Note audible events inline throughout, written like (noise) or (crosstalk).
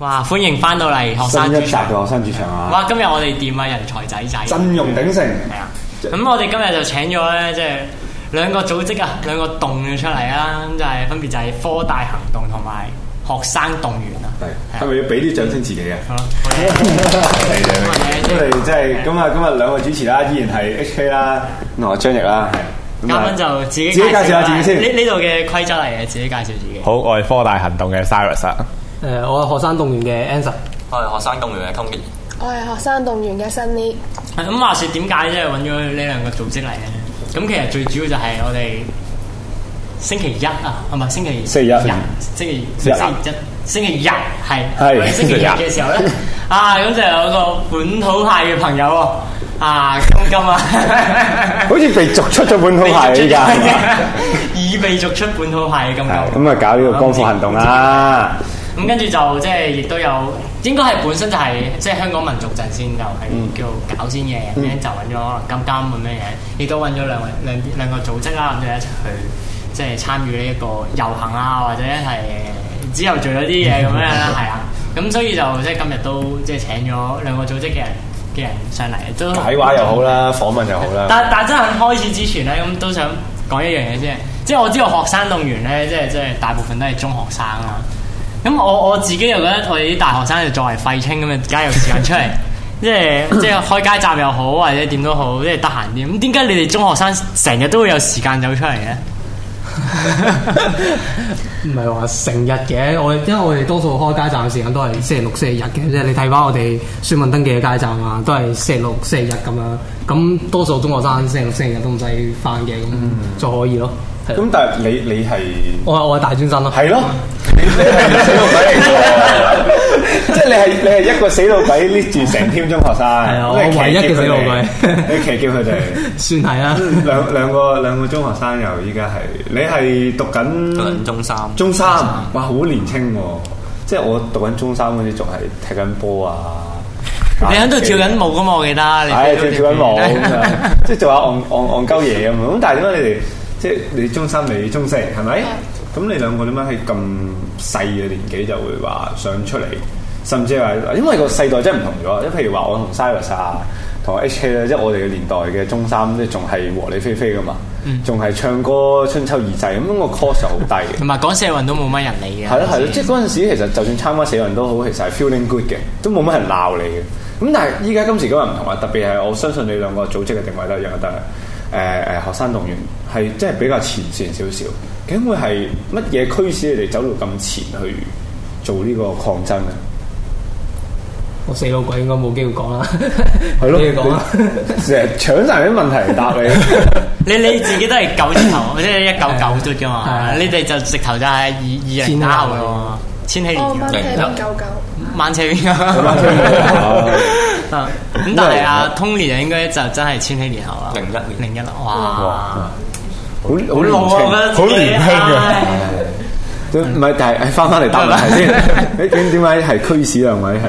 哇！歡迎翻到嚟學生主場嘅學生主場啊！哇！今日我哋店啊，人才仔仔陣容鼎盛，係啊！咁我哋今日就請咗咧，即係兩個組織啊，兩個動員出嚟啦，咁就係分別就係科大行動同埋學生動員啊！係係咪要俾啲掌聲自己啊？好，嚟嚟嚟！咁啊，今日兩個主持啦，依然係 HK 啦，我張翼啦，係嘉賓就自己自己介紹下自己先。呢呢度嘅規則嚟嘅，自己介紹自己。好，我係科大行動嘅 Cyrus 啊！誒，我係學生動員嘅 Anson，我係學生動員嘅 Tony，我係學生動員嘅 Sunnie。咁話說，點解即係搵咗呢兩個組織嚟咧？咁其實最主要就係我哋星期一啊，唔咪？星期星期一？星期日，星期一？星期日係，係星期日嘅時候咧。啊，咁就有個本土派嘅朋友啊，金金啊，好似被逐出咗本土派噶，已被逐出本土派嘅金金，咁啊，搞呢個光復行動啦。咁跟住就即係亦都有，應該係本身就係即係香港民族陣線就係、是就是、叫搞先嘅，咁 (noise) 就揾咗金監咁嘅嘢，亦都揾咗兩兩兩個組織啦，咁就一齊去即係參與呢一個遊行啊，或者係之後做咗啲嘢咁樣啦，係啊，咁 (music) 所以就即係今日都即係請咗兩個組織嘅人嘅人上嚟，都睇話又好啦，都訪問又好啦。但但真係、嗯、開始之前咧，咁都想講一樣嘢先，即係我知道學生動員咧，即係即係大部分都係中學生啦。咁我我自己又覺得我哋啲大學生就作為廢青咁啊，而家有時間出嚟， (laughs) 即係即係開街站又好，或者點都好，即係得閒啲。咁點解你哋中學生成日都會有時間走出嚟嘅？唔係話成日嘅，我因為我哋多數開街站嘅時間都係星期六、星期日嘅，即係你睇翻我哋選民登記嘅街站啊，都係星期六、星期日咁樣。咁多數中學生星期六、星期日都唔使翻嘅，嗯嗯就可以咯。咁但係你你係我我係大專生咯，係咯，你係死老鬼嚟嘅，即係你係你係一個死老鬼 lead 住成添中學生，係啊，我唯一嘅死老鬼，你騎劫佢哋算係啊，兩兩個兩個中學生又依家係，你係讀緊中三，中三哇好年輕，即係我讀緊中三嗰啲仲係踢緊波啊，你喺度跳緊舞噶嘛？我記得，係跳跳緊舞，即係做下戇戇戇鳩嘢咁。咁但係點解你哋？即係你中三你中四係咪？咁 (noise) 你兩個點解喺咁細嘅年紀就會話想出嚟，甚至係因為，因為個世代真係唔同咗，啊啊。即譬如話，我同 Cyrus 啊，同 HK 咧，即係我哋嘅年代嘅中三，即係仲係和理非非㗎嘛，仲係唱歌春秋二祭咁，個 c o u r s e 好低嘅。同埋講社運都冇乜人理嘅。係咯係咯，即係嗰陣時其實就算參加社運都好，其實係 feeling good 嘅，都冇乜人鬧你嘅。咁但係依家今時今日唔同啊，特別係我相信你，相信你兩個組織嘅定位都一樣嘅，誒誒，學生動員係即係比較前線少少，究竟會係乜嘢驅使你哋走到咁前去做呢個抗爭啊？我死老鬼應該冇機會講啦 (laughs) 了，冇嘢講啦，成日 (laughs) 搶曬啲問題嚟答你，你。你你自己都係九字頭， (coughs) 即係一九九卒噶嘛？ (coughs) 你哋就直頭就係二二零九噶千禧年，年，、哦、年九九,九， (laughs) (laughs) 啊！咁 (music) 但係啊，阿 Tony 啊，應該就真係千禧年後啊，零一年零一啊，哇！嗯嗯、好好老清啊，好年輕啊！唔係、嗯， (laughs) 但係翻返嚟答啦先。點點解係驅使兩位係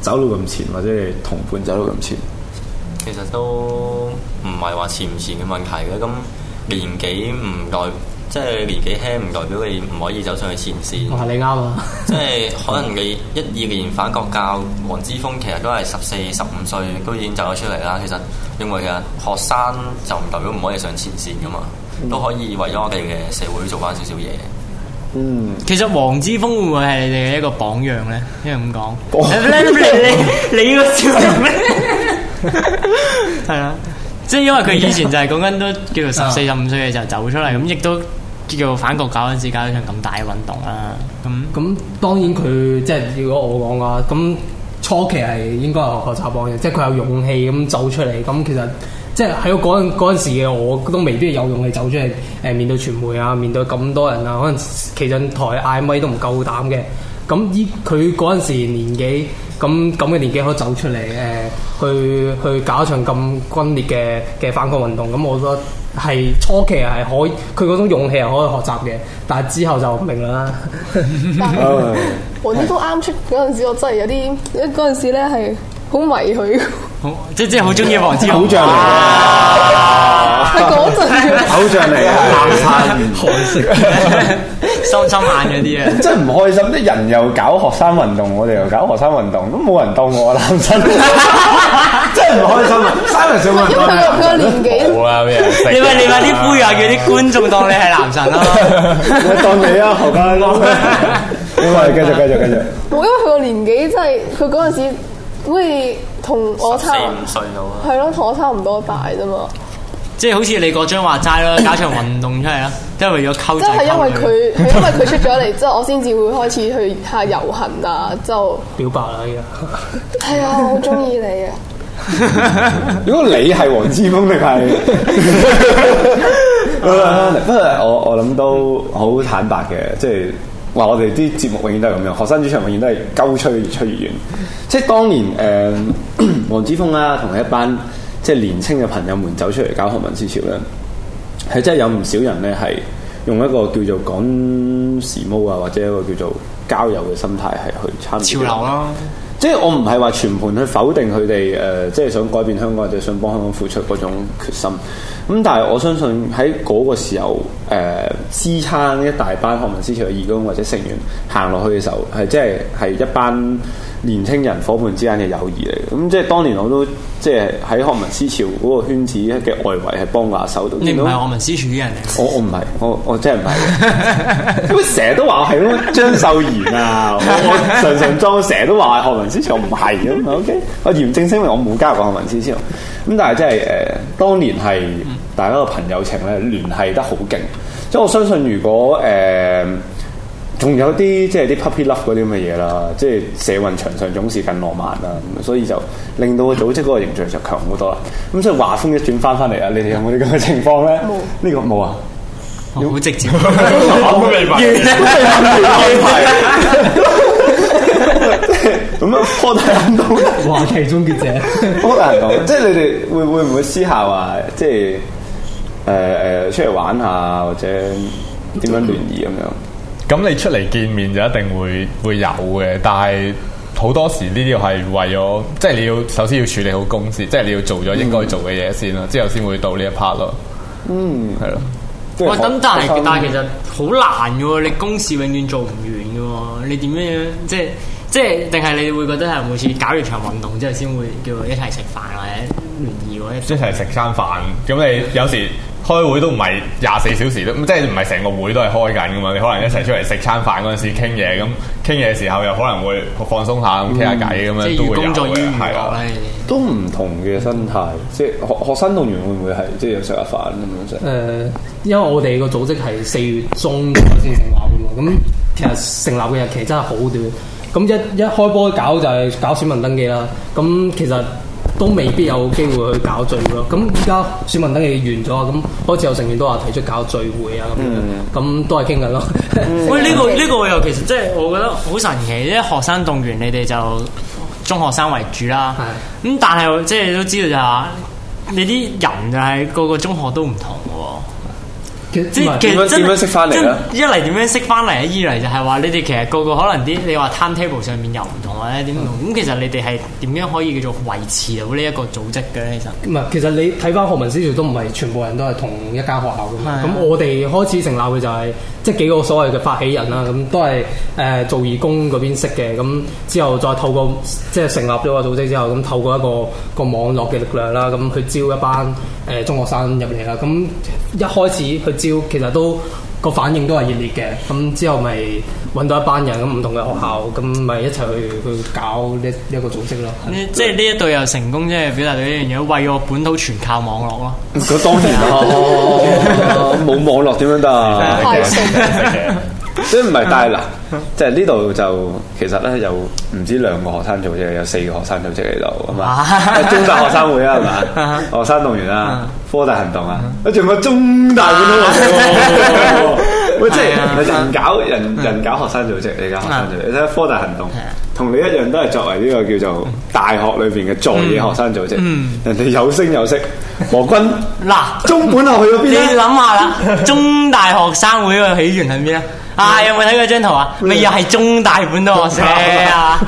走到咁前，或者係同伴走到咁前？其實都唔係話前唔前嘅問題嘅。咁年紀唔代。即係年紀輕唔代表你唔可以走上去前線。我話你啱啊！即係可能你一二年反國教，黃之鋒其實14，都係十四、十五歲，都已經走咗出嚟啦。其實因為其實學生就唔代表唔可以上前線噶嘛，都可以為咗我哋嘅社會做翻少少嘢。嗯，其實黃之鋒會唔會係你哋嘅一個榜樣咧？樣因為咁講，你你你個笑咩？係啊，即係因為佢以前就係講緊都叫做十四、十五歲嘅時候走出嚟，咁亦都。叫反國搞嗰陣時搞咗場咁大嘅運動啦、啊，咁咁當然佢即係如果我講嘅話，咁初期係應該係學習榜嘅，即係佢有勇氣咁走出嚟。咁其實即係喺嗰陣嗰時嘅我，都未必有勇氣走出嚟誒、呃、面對傳媒啊，面對咁多人啊，可能企上台嗌咪都唔夠膽嘅。咁依佢嗰陣時年紀。咁咁嘅年紀可以走出嚟，誒、呃，去去搞一場咁轟烈嘅嘅反抗運動，咁、嗯、我覺得係初期係可以，佢嗰種勇氣係可以學習嘅，但係之後就唔明啦。 (laughs) 是哦、黃之鋒啱、欸、出嗰陣時，我真係有啲，嗰陣時咧係好迷佢，即即係好中意黃之鋒，偶像嚟㗎，嗰陣偶像嚟嘅，南山海市。 (laughs) (laughs) (laughs) 傷心眼嗰啲啊！真係唔開心，啲人又搞學生運動，我哋又搞學生運動，都冇人當我男神，真係唔開心。三文想因為佢個年紀，我有你咪你咪啲杯下，啊、叫啲觀眾當你係男神咯。我當你啊，何啊，好啊。好，繼續，繼續，繼續。因為佢個年紀真係，佢嗰陣時好似同我差四五歲到係咯，同我差唔多大啫嘛。 (laughs) 即係好似你嗰張話齋咯，搞場運動出嚟啦，即係為咗溝，即係因為佢，因為佢出咗嚟，之後我先至會開始去下遊行啊，就表白啦！依家係啊，我好中意你啊！如果你係黃之鋒，定 (laughs) 係、 (laughs) 啊？不過我我諗都好坦白嘅，即係話我哋啲節目永遠都係咁樣，學生主場永遠都係鳩吹越吹越遠。即係當年誒、嗯、黃之鋒啊，同一班。即係年輕嘅朋友們走出嚟搞學民思潮咧，係真係有唔少人咧，係用一個叫做趕時髦啊，或者一個叫做交友嘅心態係去參與。潮流咯，即係我唔係話全盤去否定佢哋誒，即係想改變香港或者想幫香港付出嗰種決心。咁但係我相信喺嗰個時候誒、呃，支撐一大班學民思潮嘅義工或者成員行落去嘅時候，係即係係一班年青人伙伴之間嘅友誼嚟嘅，咁即係當年我都即係喺學民思潮嗰個圈子嘅外圍係幫下手。你唔係學民思潮嘅你 到人嚟？我我唔係，我我真係唔係。咁成日都話我係張秀賢啊！ (laughs) 我常常裝，成日都話學民思潮唔係咁，OK。我嚴正聲明，我冇加入過學民思潮。咁但係即係誒、呃，當年係大家個朋友情咧聯繫得好勁。即係我相信，如果誒，呃仲有啲即係啲 puppy love 嗰啲咁嘅嘢啦，即係社運場上總是更浪漫啦，咁所以就令到個組織嗰個形象就強好多啦。咁所以話風一轉返返嚟啊，你哋有冇啲咁嘅情況咧？冇呢個冇啊，好直接，我明白。咁樣好難講，話題終結者好難講， (laughs) (laughs) 即係你哋會會唔會私下話，即係誒誒出嚟玩，玩下或者點樣聯誼咁樣？Okay. 咁你出嚟見面就一定會會有嘅，但係好多時呢啲係為咗，即係你要首先要處理好公事，即係你要做咗應該做嘅嘢先啦，嗯、之後先會到呢一 part 咯。嗯了，係咯。哇是，咁想但係但係其實好難嘅喎，你公事永遠做唔完嘅喎，你點樣樣即係即係定係你會覺得係每次搞完場運動之後先會叫佢一齊食飯或者聯誼一齊食餐飯咁你有時。 (laughs) 開會都唔係廿四小時都，即係唔係成個會都係開緊噶嘛？你可能一齊出嚟食餐飯嗰陣時傾嘢，咁傾嘢嘅時候又可能會放鬆下，咁傾下偈。咁樣、嗯、都會有嘅。係啦、嗯，就是、的都唔同嘅心態，即係學學生動員會唔會係即係又食下飯咁樣食？誒、呃，因為我哋個組織係四月中先成立噶嘛，咁 (coughs) 其實成立嘅日期真係好短，咁一一開波搞就係搞選民登記啦，咁其實，都未必有機會去搞聚會咯，咁而家選民登記完咗，咁好似有成員都話提出搞聚會啊，咁咁、嗯、都係傾緊咯。嗯、 (laughs) 喂，呢、這個呢、這個又其實即係我覺得好神奇，啲學生動員你哋就中學生為主啦，咁是但係即係都知道就係，你啲人就係個個中學都唔同嘅喎。點樣點樣識翻嚟啊？一嚟點樣識翻嚟啊？二嚟就係話你哋其實個個可能啲，你話 time table 上面又唔同。或咁？其實你哋係點樣可以叫做維持到呢一個組織嘅咧？其實唔係，其實你睇翻學民思潮都唔係全部人都係同一間學校嘅。咁的我哋開始成立嘅就係即係幾個所謂嘅發起人啦。咁的都係誒、呃、做義工嗰邊識嘅。咁之後再透過即係、就是、成立咗個組織之後，咁透過一個一個網絡嘅力量啦，咁佢招一班誒、呃、中學生入嚟啦。咁一開始佢招其實都，個反應都係熱烈嘅，咁之後咪揾到一班人咁唔同嘅學校，咁咪一齊去去搞呢一、呢個組織咯。即係呢一隊又成功，即係表達到一樣嘢，為我本土全靠網絡咯。咁當然啦，冇、 (laughs) 哦哦哦哦、網絡點樣得、啊？即係唔係，嗯、但係即係呢度就其實咧，有唔止兩個學生組織，有四個學生組織嚟到啊嘛，中大學生會啊嘛，學生動員啊。科大行動啊，我仲有中大咁多喎，喂，即係人搞，啊、人人搞學生組織嚟噶，你學生組織，啊、你睇下科大行動，同、啊、你一樣都係作為呢個叫做大學裏邊嘅在野學生組織，嗯，嗯人哋有聲有色，何君嗱。 (laughs) 中本學去咗邊 (laughs) 你諗下啦，中大學生會嘅起源係咩啊？啊！有冇睇過張圖啊？咪又係中大本的學社啊！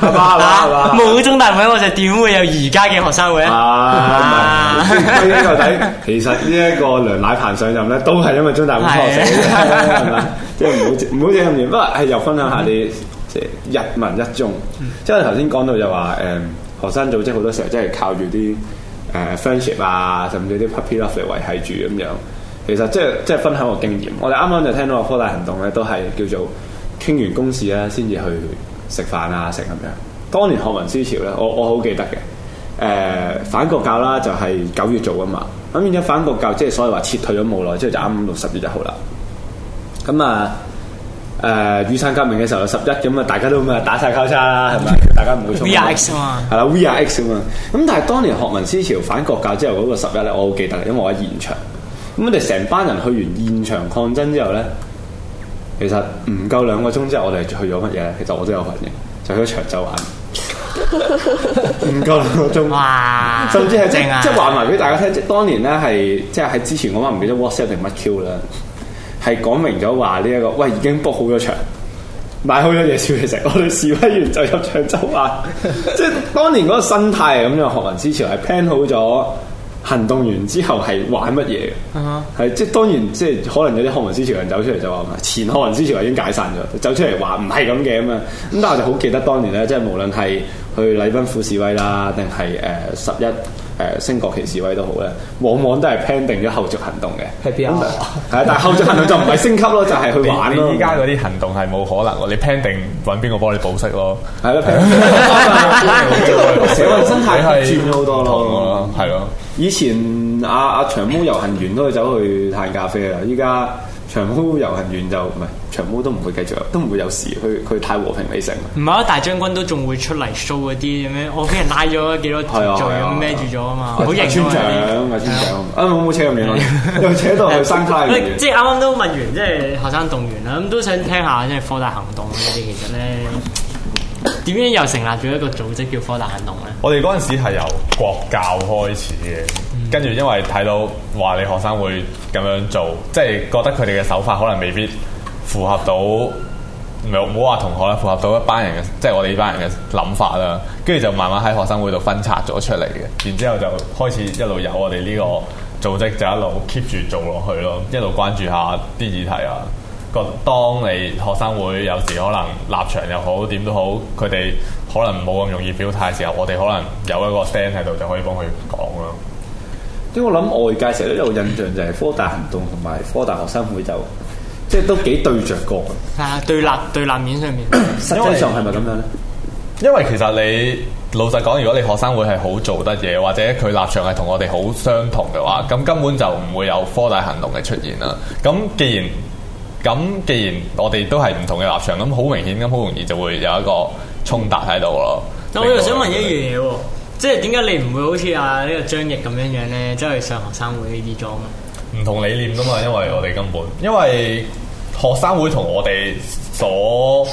冇中大本，我就點會有而家嘅學生會啊？呢個底其實呢一個梁乃鵬上任咧，都係因為中大本學社，係咪？即係唔好唔好扯咁遠。不過係又分享下啲即係日文一中。即係頭先講到就話，誒，學生組織好多時候即係靠住啲誒 friendship 啊，甚至啲 puppy love 嚟維繫住咁樣。其實即係即係分享個經驗。我哋啱啱就聽到個科大行動咧，都係叫做傾完公事啦先至去食飯啊，食咁樣。當年學民思潮咧，我我好記得嘅。誒反國教啦，就係九月做啊嘛。咁然之後反國教，即係所以話撤退咗冇耐，之後就啱啱六十月就好啦。咁啊誒，雨傘革命嘅時候十一咁啊，大家都咁啊打晒交叉啦，係嘛？ (laughs) 大家唔會衝。We are X 嘛，係啦 We are X 啊嘛。咁但係當年學民思潮反國教之後嗰個十一咧，我好記得因為我喺現場。咁我哋成班人去完現場抗爭之後咧，其實唔夠兩個鐘之後，我哋去咗乜嘢咧？其實我都有份嘅，就去咗長洲玩。唔 (laughs) 夠兩個鐘，哇！甚至係正、啊、即係話埋俾大家聽，即當年咧係即係喺之前嗰晚唔記得 WhatsApp 定乜 Q 啦，係講明咗話呢一個喂已經 book 好咗場，買好咗嘢食嘅食，我哋示威完就入長洲玩。即係 (laughs) 當年嗰個心態咁樣，學民思潮係 plan 好咗。行動完之後係玩乜嘢嘅？係、uh huh. 即係當然，即係可能有啲學民思潮人走出嚟就話：前學民思潮已經解散咗，走出嚟話唔係咁嘅咁啊！咁但係我就好記得當年咧，即係無論係去禮賓府示威啦，定係誒十一誒、呃、升國旗示威都好咧，往往都係 plan 定咗後續行動嘅。係邊的但啊？係啊，但係後續行動就唔係升級咯， (laughs) 就係去玩咯。依家嗰啲行動係冇可能，你 plan 定揾邊個幫你保釋咯？係咯，社會生態轉咗好多咯、 (laughs) 啊，係咯。以前阿阿、啊、長毛遊行完都會去走去嘆咖啡啦，依家長毛遊行完就唔係長毛都唔會繼續，都唔會有事去去太和平美食。唔係啊，大將軍都仲會出嚟 show 嗰啲咁樣，我俾人拉咗幾多咁孭住咗啊嘛，好 (laughs) 型啊！啊冇冇扯咁遠啊， (laughs) 又扯到去生快。即係啱啱都問完，即係學生動員啦，咁都想聽下即係科大行動嗰啲，其實咧。點樣又成立咗一個組織叫科大行動呢？我哋嗰陣時係由國教開始嘅，跟住、嗯、因為睇到話你學生會咁樣做，即係覺得佢哋嘅手法可能未必符合到，唔好唔好話同學啦，符合到一班人嘅，即係我哋呢班人嘅諗法啦。跟住就慢慢喺學生會度分拆咗出嚟嘅，然之後就開始一路有我哋呢個組織就一路 keep 住做落去咯，一路關注下啲議題啊。個當你學生會有時可能立場又好點都好，佢哋可能冇咁容易表態嘅時候，我哋可能有一個聲喺度就可以幫佢講咯。因為我諗外界成日都有印象就係科大行動同埋科大學生會就即係都幾對著過，對立對立面上面， (coughs) 實際上係咪咁樣呢？因為其實你老實講，如果你學生會係好做得嘢，或者佢立場係同我哋好相同嘅話，咁根本就唔會有科大行動嘅出現啦。咁既然咁既然我哋都係唔同嘅立場，咁好明顯咁好容易就會有一個衝突喺度咯。但、嗯、我又想問一樣嘢喎，即係點解你唔會好似啊呢個張翼咁樣樣咧，即係上學生會呢啲裝咧？唔同理念㗎嘛，因為我哋根本因為學生會同我哋所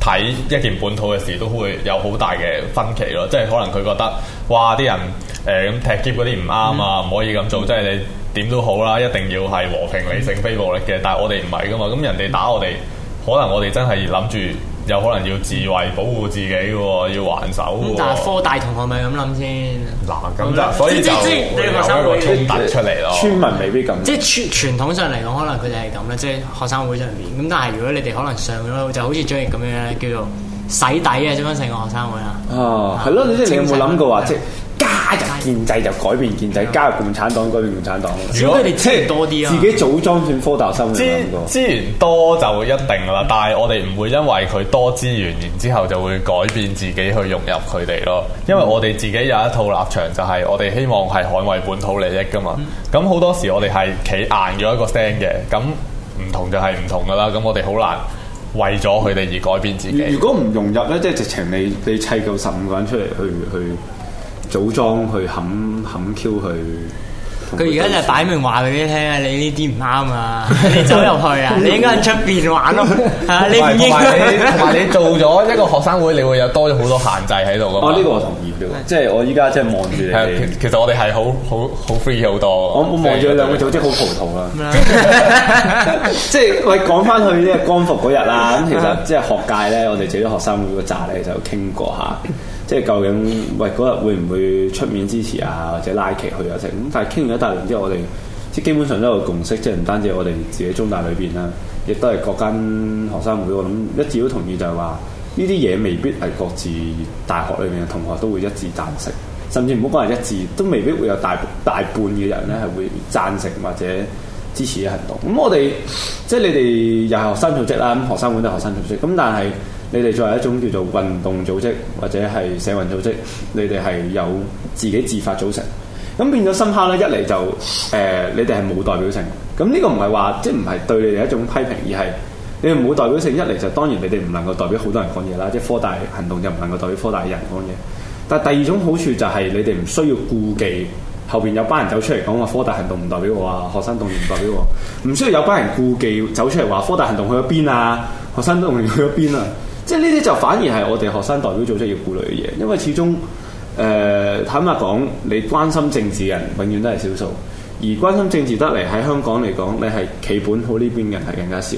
睇一件本土嘅事都會有好大嘅分歧咯，即係可能佢覺得哇啲人，誒咁踢劫嗰啲唔啱啊，唔、嗯、可以咁做，嗯、即係你點都好啦，一定要係和平理性非暴力嘅。嗯、但係我哋唔係噶嘛，咁人哋打我哋，可能我哋真係諗住有可能要自衞保護自己嘅，要還手。但係科大同學咪咁諗先，嗱咁就所以就會有一個衝突出嚟咯。村民未必咁，即係傳傳統上嚟講，可能佢哋係咁咧，即係學生會上面。咁但係如果你哋可能上咗，就好似張翼咁樣咧，叫做洗底啊，點樣成個學生會啊？哦吧，係咯，即係對 你有冇諗過話即？對 加入建制就改變建制，加入共產黨改變共產黨。如果你資源多啲啊，自己組裝算科大生。資資源多就會一定啦，嗯、但係我哋唔會因為佢多資源，然之後就會改變自己去融入佢哋咯。因為我哋自己有一套立場，就係我哋希望係捍衞本土利益噶嘛。咁好、嗯、多時我哋係企硬咗一個 stand 嘅，咁唔同就係唔同噶啦。咁我哋好難為咗佢哋而改變自己。如果唔融入呢，即係直情你你砌夠十五個人出嚟去去。去組裝去冚冚 Q 去，佢而家就擺明話畀你聽啊，你呢啲唔啱啊，你走入去啊，你應該喺出邊玩咯。你唔應同埋你做咗一個學生會，你會有多咗好多限制喺度噶嘛？我呢個同意嘅，即係我依家即係望住。其實我哋係好好好 free 好多。我我望住兩個組織好葡萄啦。即係喂，講翻去呢個光復嗰日啦。咁其實即係學界咧，我哋做咗學生會個集咧，就傾過下。即係究竟喂嗰日會唔會出面支持啊，或者拉旗去啊？剩咁，但係傾完一大輪之後，我哋即係基本上都有個共識，即係唔單止我哋自己中大裏邊啦，亦都係各間學生會，我諗一致都同意就係話呢啲嘢未必係各自大學裏面嘅同學都會一致贊成，甚至唔好講係一致，都未必會有大大半嘅人咧係會贊成或者支持嘅行動。咁我哋即係你哋又係學生組織啦，咁學生會都係學生組織，咁但係。你哋作為一種叫做運動組織或者係社運組織，你哋係有自己自發組成，咁變咗深刻咧。一嚟就誒、呃，你哋係冇代表性。咁呢個唔係話即係唔係對你哋一種批評，而係你哋冇代表性。一嚟就當然你哋唔能夠代表好多人講嘢啦，即係科大行動就唔能夠代表科大嘅人講嘢。但係第二種好處就係你哋唔需要顧忌後邊有班人走出嚟講話科大行動唔代表我啊，學生動員唔代表我，唔需要有班人顧忌走出嚟話科大行動去咗邊啊，學生動員去咗邊啊。即係呢啲就反而係我哋學生代表做出要顧慮嘅嘢，因為始終誒、呃、坦白講，你關心政治嘅人永遠都係少數，而關心政治得嚟喺香港嚟講，你係企本好呢邊人係更加少。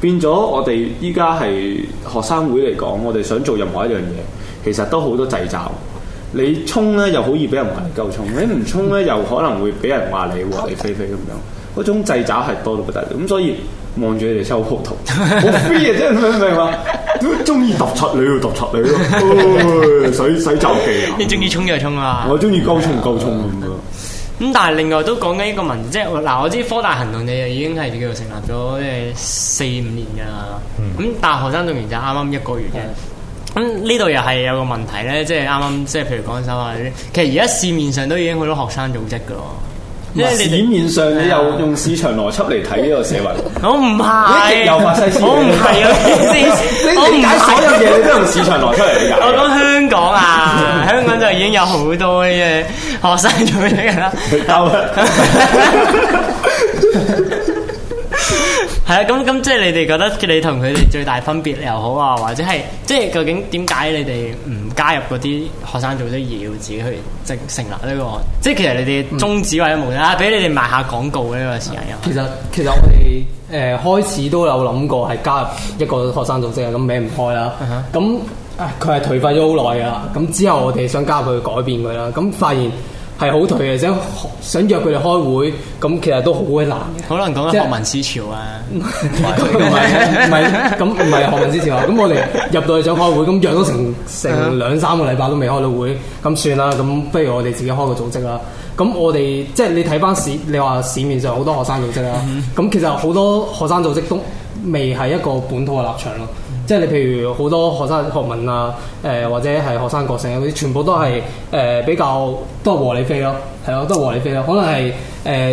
變咗我哋依家係學生會嚟講，我哋想做任何一樣嘢，其實都好多掣肘。你衝咧又好易俾人話你夠衝，你唔衝咧又可能會俾人話你話你飛飛咁樣。嗰種掣肘係多到不得，咁所以望住你哋收葡萄，好飛啊！真明唔明啊？ (laughs) 中意突出你，就突出你咯，哎，洗使走 (laughs) 啊！你中意衝就衝啊！我中意高衝潮高衝咁，咁但係另外都講緊一個問題，即係嗱，我知科大行動你又已經係叫做成立咗即係四五年噶啦。咁、嗯、大學生動員就啱啱一個月嘅。咁呢度又係有個問題咧，即係啱啱即係譬如講手啊啲，其實而家市面上都已經好多學生組織噶咯。因為你表面上你又用市場邏輯嚟睇呢個社會，我唔係，又發思，我唔係啊！ (laughs) 你理解什不所有嘢都用市場邏輯嚟噶。我講香港啊， (laughs) 香港就已經有好多嘅學生做咩嘅啦。係啊，咁咁、嗯嗯、即係你哋覺得你同佢哋最大分別又好啊，或者係即係究竟點解你哋唔加入嗰啲學生組織而要自己去成成立呢個？即係其實你哋宗旨或者冇、嗯、啊，俾你哋賣下廣告呢個時間又、啊。其實其實我哋誒、呃、開始都有諗過係加入一個學生組織啊，咁名唔開啦。咁誒佢係頹廢咗好耐噶啦，咁、嗯、之後我哋想加入佢去改變佢啦，咁發現。係好頹嘅，想想約佢哋開會，咁其實都好鬼難嘅。可能講緊學民思潮啊，唔係唔係咁唔係學民思潮啊？咁我哋入到去想開會，咁約咗成成兩三個禮拜都未開到會，咁算啦。咁不如我哋自己開個組織啦。咁我哋即係你睇翻市，你話市面上好多學生組織啦。咁 (laughs) 其實好多學生組織都未係一個本土嘅立場咯。即係你譬如好多學生學問啊，誒、呃、或者係學生個性嗰啲，全部都係誒、呃、比較都係和理非咯，係咯，都係和理非咯。可能係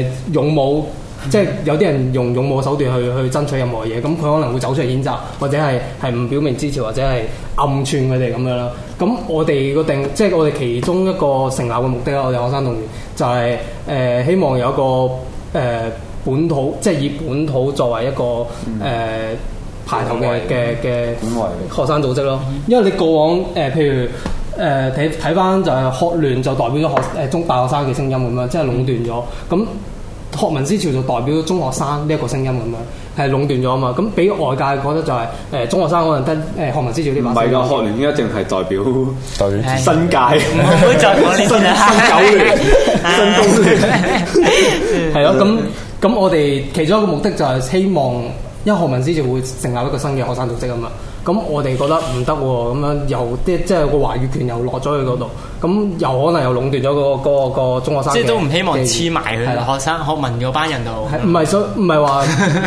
誒勇武，即係有啲人用勇武嘅手段去去爭取任何嘢，咁佢可能會走出去譴責，或者係係唔表明支持，或者係暗串佢哋咁樣啦。咁我哋個定即係我哋其中一個成立嘅目的啦，我哋學生動員就係、是、誒、呃、希望有一個誒、呃、本土，即係以本土作為一個誒。呃嗯派同嘅嘅嘅學生組織咯，因為你過往誒、呃，譬如誒睇睇翻就係學聯就代表咗學誒中大學生嘅聲音咁樣，即、就、係、是、壟斷咗。咁、嗯、學民思潮就代表咗中學生呢一個聲音咁樣，係壟斷咗啊嘛。咁俾外界覺得就係誒中學生可能得誒學民思潮呢啲唔係㗎，學聯應該淨係代表代表對 新界，唔好再新九聯、新， (laughs) 新東聯係咯。咁咁 (laughs) (laughs) (laughs) 我哋其中一個目的就係希望。因為學民思就會成立一個新嘅學生組織啊嘛，咁我哋覺得唔得喎，咁樣又即即係個話語權又落咗去嗰度，咁又可能又壟斷咗個個個中學生，即係都唔希望黐埋佢學生了學民嗰班人度。唔係想，唔係話，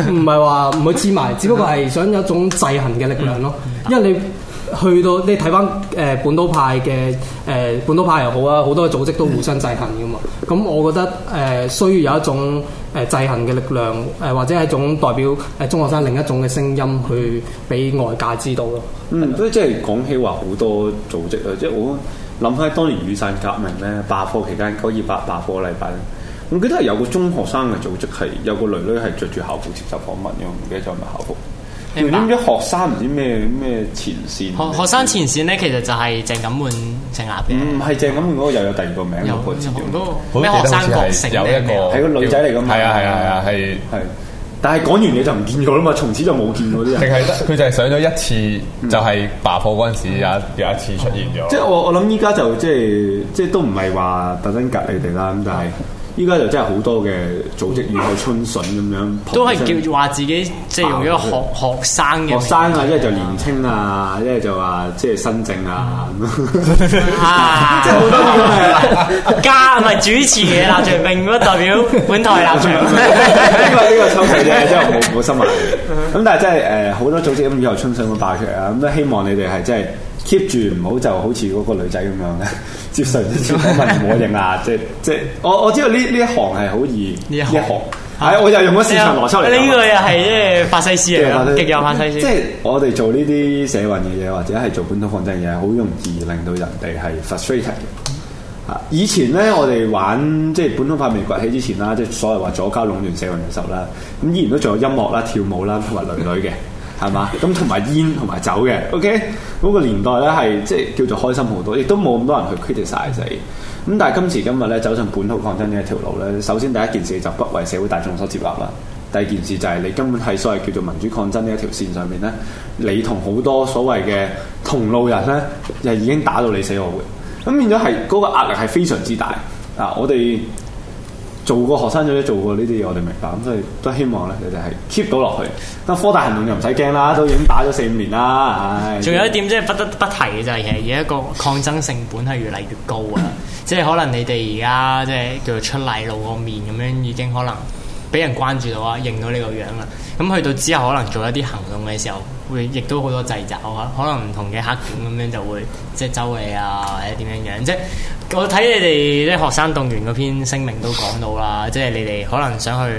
唔係話唔會黐埋，不不 (laughs) 只不過係想有一種制衡嘅力量咯，嗯、因為你。去到你睇翻誒本土派嘅誒、呃、本土派又好啊，好多組織都互相制衡噶嘛。咁、嗯、我覺得誒、呃、需要有一種誒制衡嘅力量，誒、呃、或者係一種代表誒中學生另一種嘅聲音，去俾外界知道咯。嗯，所以的即係講起話好多組織啊，即係我諗翻當年雨傘革命咧，罷課期間九二八罷課禮拜，我記得係有個中學生嘅組織係有個女女係着住校服接受訪問嘅，唔記得咗係咪校服。你諗咗學生唔知咩咩前線？學學生前線咧，其實就係鄭錦滿、鄭亞、嗯。唔係鄭錦滿嗰、嗰個又有第二個名有個叫學生係有一個，係個女仔嚟㗎嘛。係啊係啊係。係，但係講完你就唔見佢啦嘛，從此就冇見到啲人。定係得佢就係上咗一次，嗯、就係爆破嗰陣時有有一次出現咗、嗯。即係我我諗依家就即係即係都唔係話特登隔你哋啦，咁但係。依家就真係好多嘅組織如雨後春筍咁樣，都係叫做話自己即係用一個學學生嘅學生啊，即係就年青啊，即係就話即係新政啊。加唔係主持嘅立場並唔代表本台立場，呢個呢個收視嘅真係好好心啊。咁但係真係誒，好多組織咁如雨後春筍咁爆出嚟啊，咁都希望你哋係真係。keep 住唔好就好似嗰個女仔咁樣咧，接受唔到。我認啊，即即我我知道呢呢一行係好易，呢一行係啊，我又用咗市場邏輯嚟。呢個又係即法西斯嚟、啊、極有法西斯。即、啊就是、我哋做呢啲社運嘅嘢，或者係做本土抗爭嘅嘢，好容易令到人哋係 frustrated。啊！以前咧，我哋玩即、就是、本土派未崛起之前啦，即所謂話左膠壟斷社運嘅時候啦，咁依然都仲有音樂啦、跳舞啦同埋女女嘅。係嘛？咁同埋煙同埋酒嘅，OK？嗰個年代咧係即係叫做開心好多，亦都冇咁多人去 criticize 死咁。但係今時今日咧走上本土抗爭呢一條路咧，首先第一件事就不為社會大眾所接納啦。第二件事就係你根本係所謂叫做民主抗爭呢一條線上面咧，你同好多所謂嘅同路人咧，又已經打到你死我活，咁變咗係嗰個壓力係非常之大啊！我哋做過學生仔，做過呢啲嘢，我哋明白，咁所以都希望咧，你哋係 keep 到落去。咁科大行動就唔使驚啦，都已經打咗四五年啦。仲有一點即係真係不得不提嘅就係其實而家個抗爭成本係越嚟越高啊， (coughs) 即係可能你哋而家即係叫做出嚟露個面咁樣已經可能，俾人關注到啊，認到呢個樣啊，咁去到之後可能做一啲行動嘅時候，會亦都好多掣肘啊，可能唔同嘅黑警咁樣就會即係周圍你啊，或者點樣樣，即係我睇你哋啲學生動員嗰篇聲明都講到啦，即係你哋可能想去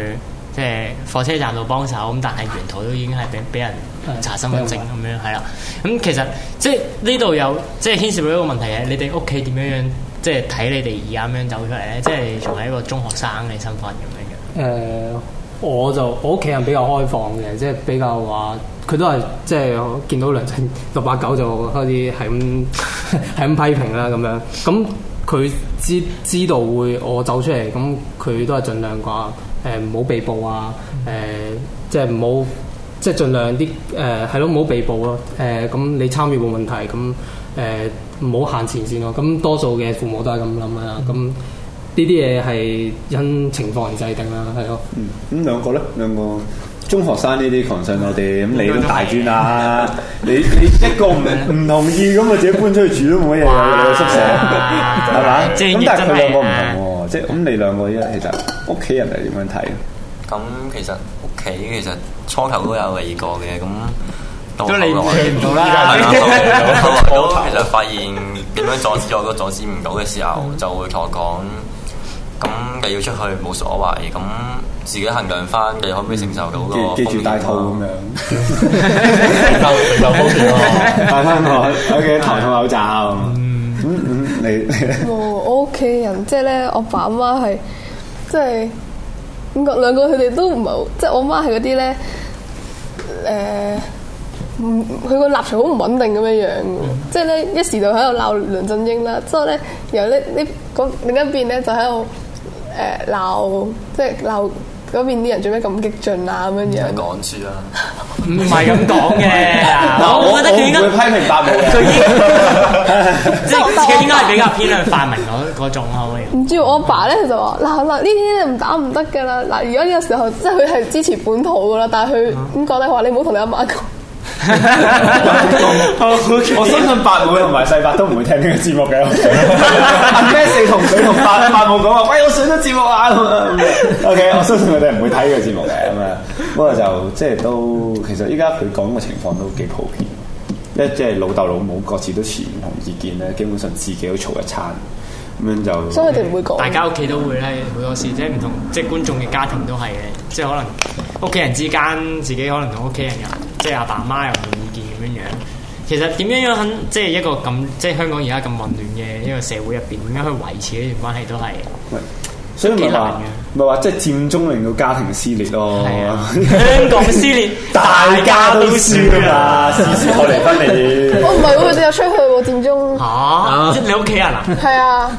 即係火車站度幫手，咁但係沿途都已經係俾俾人查身份證咁、嗯、樣，係啦。咁其實即係呢度有即係牽涉到一個問題嘅，你哋屋企點樣樣，即係睇你哋而家咁樣走出嚟咧，即係仲係一個中學生嘅身份咁樣。誒、呃，我就我屋企人比較開放嘅，即係比較話，佢都係即係見到梁振六八九就開始係咁係咁批評啦，咁樣。咁佢知知道會我走出嚟，咁佢都係盡量話誒唔好被捕啊，誒、呃、即係唔好即係盡量啲誒係咯唔好被捕咯。誒、呃、咁你參與冇問題，咁誒唔好行前線咯。咁多數嘅父母都係咁諗嘅啦，咁、嗯。嗯。呢啲嘢係因情況而制定啦，係咯。咁兩個咧，兩個中學生呢啲 concern 我哋，咁你都大專啦，你你一個唔唔同意咁，咪自己搬出去住都冇乜嘢，有你個宿舍係嘛？咁但係佢兩個唔同喎，即係咁你兩個咧，其實屋企人係點樣睇？咁其實屋企其實初頭都有嚟過嘅，咁都嚟唔到啦。依家我其實發現點樣阻止我個阻止唔到嘅時候，就會同我講。咁又要出去冇所謂，咁自己衡量翻，又可唔可以承受到個風險咯？記住戴套咁樣，OK, 戴留好，帶翻我頭套口罩。嗯,嗯你我屋企人即係咧，我爸媽係即係兩個，兩個佢哋都唔係即係我媽係嗰啲咧，誒、呃，唔佢個立場好唔穩定咁樣樣即係咧一時就喺度鬧梁振英啦，之後咧又咧呢嗰另一邊咧就喺度。誒鬧、呃、即係鬧嗰邊啲人做咩咁激進啊咁樣嘢？講住啦，唔係咁講嘅。我覺得應該批評泛民，佢應佢應該係比較偏向泛民嗰嗰種咯。唔知我阿爸咧就話：嗱嗱呢啲唔打唔得㗎啦！嗱，如果呢個時候即係佢係支持本土㗎啦，但係佢點講咧？嗯、話你唔好同你阿媽講。我相信伯母同埋世伯都唔會聽呢個節目嘅。咩事同佢同伯母講話，喂，我上咗節目啊。O、okay? K，我相信佢哋唔會睇呢個節目嘅，咁啊。不、嗯、過 (laughs) 就即係都其實依家佢講嘅情況都幾普遍，即係老豆老母各自都持唔同意見咧，基本上自己都嘈一餐咁樣就。所以佢哋唔會講，大家屋企都會咧，好多事即係唔同，即係觀眾嘅家庭都係嘅，即係可能屋企人之間自己可能同屋企人。即係阿爸媽又冇意見咁樣樣，其實點樣樣肯即係一個咁即係香港而家咁混亂嘅一個社會入邊，點樣去維持呢段關係都係，所以咪話咪話即係佔中令到家庭撕裂咯。係啊、哦， (laughs) 香港撕裂 (laughs) 大家都撕啊，撕撕我離婚嚟嘅。我唔係喎，佢哋有出去喎，佔中嚇，即係、啊、 (laughs) 你屋企人啊？係啊。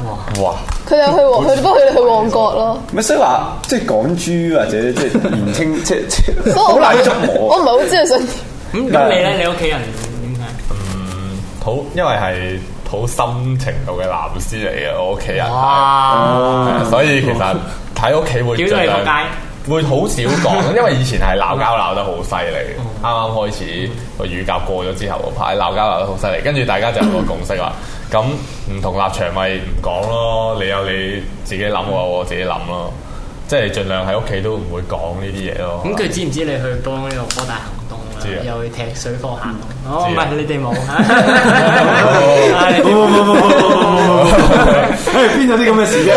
哇！佢又去旺，佢不佢哋去旺角咯。咪所以話即係港豬或者即係年青，即係即係好難捉摸我唔係好知道、嗯、你想咁你咧？你屋企人點睇？嗯，好，因為係好深程度嘅藍絲嚟嘅，我屋企人，嗯嗯、所以其實睇屋企會叫你落街。會好少講，因為以前係鬧交鬧得好犀利，啱啱、嗯、開始個、嗯、乳鴿過咗之後嗰排鬧交鬧得好犀利，跟住大家就有個共識啦。咁唔同立場咪唔講咯，你有你自己諗，我有我自己諗咯，即係盡量喺屋企都唔會講呢啲嘢咯。咁佢、嗯、是嗎 知唔知你去幫呢個科大？又去踢水貨行動，唔係你哋冇，冇冇冇邊有啲咁嘅事啫？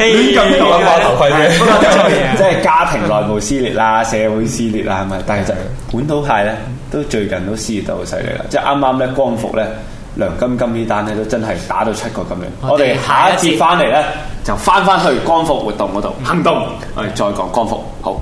亂咁講話題啫， (laughs) (laughs) 即係家庭內部撕裂啦，社會撕裂啦，係咪？但係就，本土派咧，都最近都撕裂到好犀利啦。即係啱啱咧，光復咧，梁金金呢單咧，都真係打到七個咁樣。我哋下一節翻嚟咧，就翻翻去光復活動嗰度行動，我哋、嗯、再講光復，好。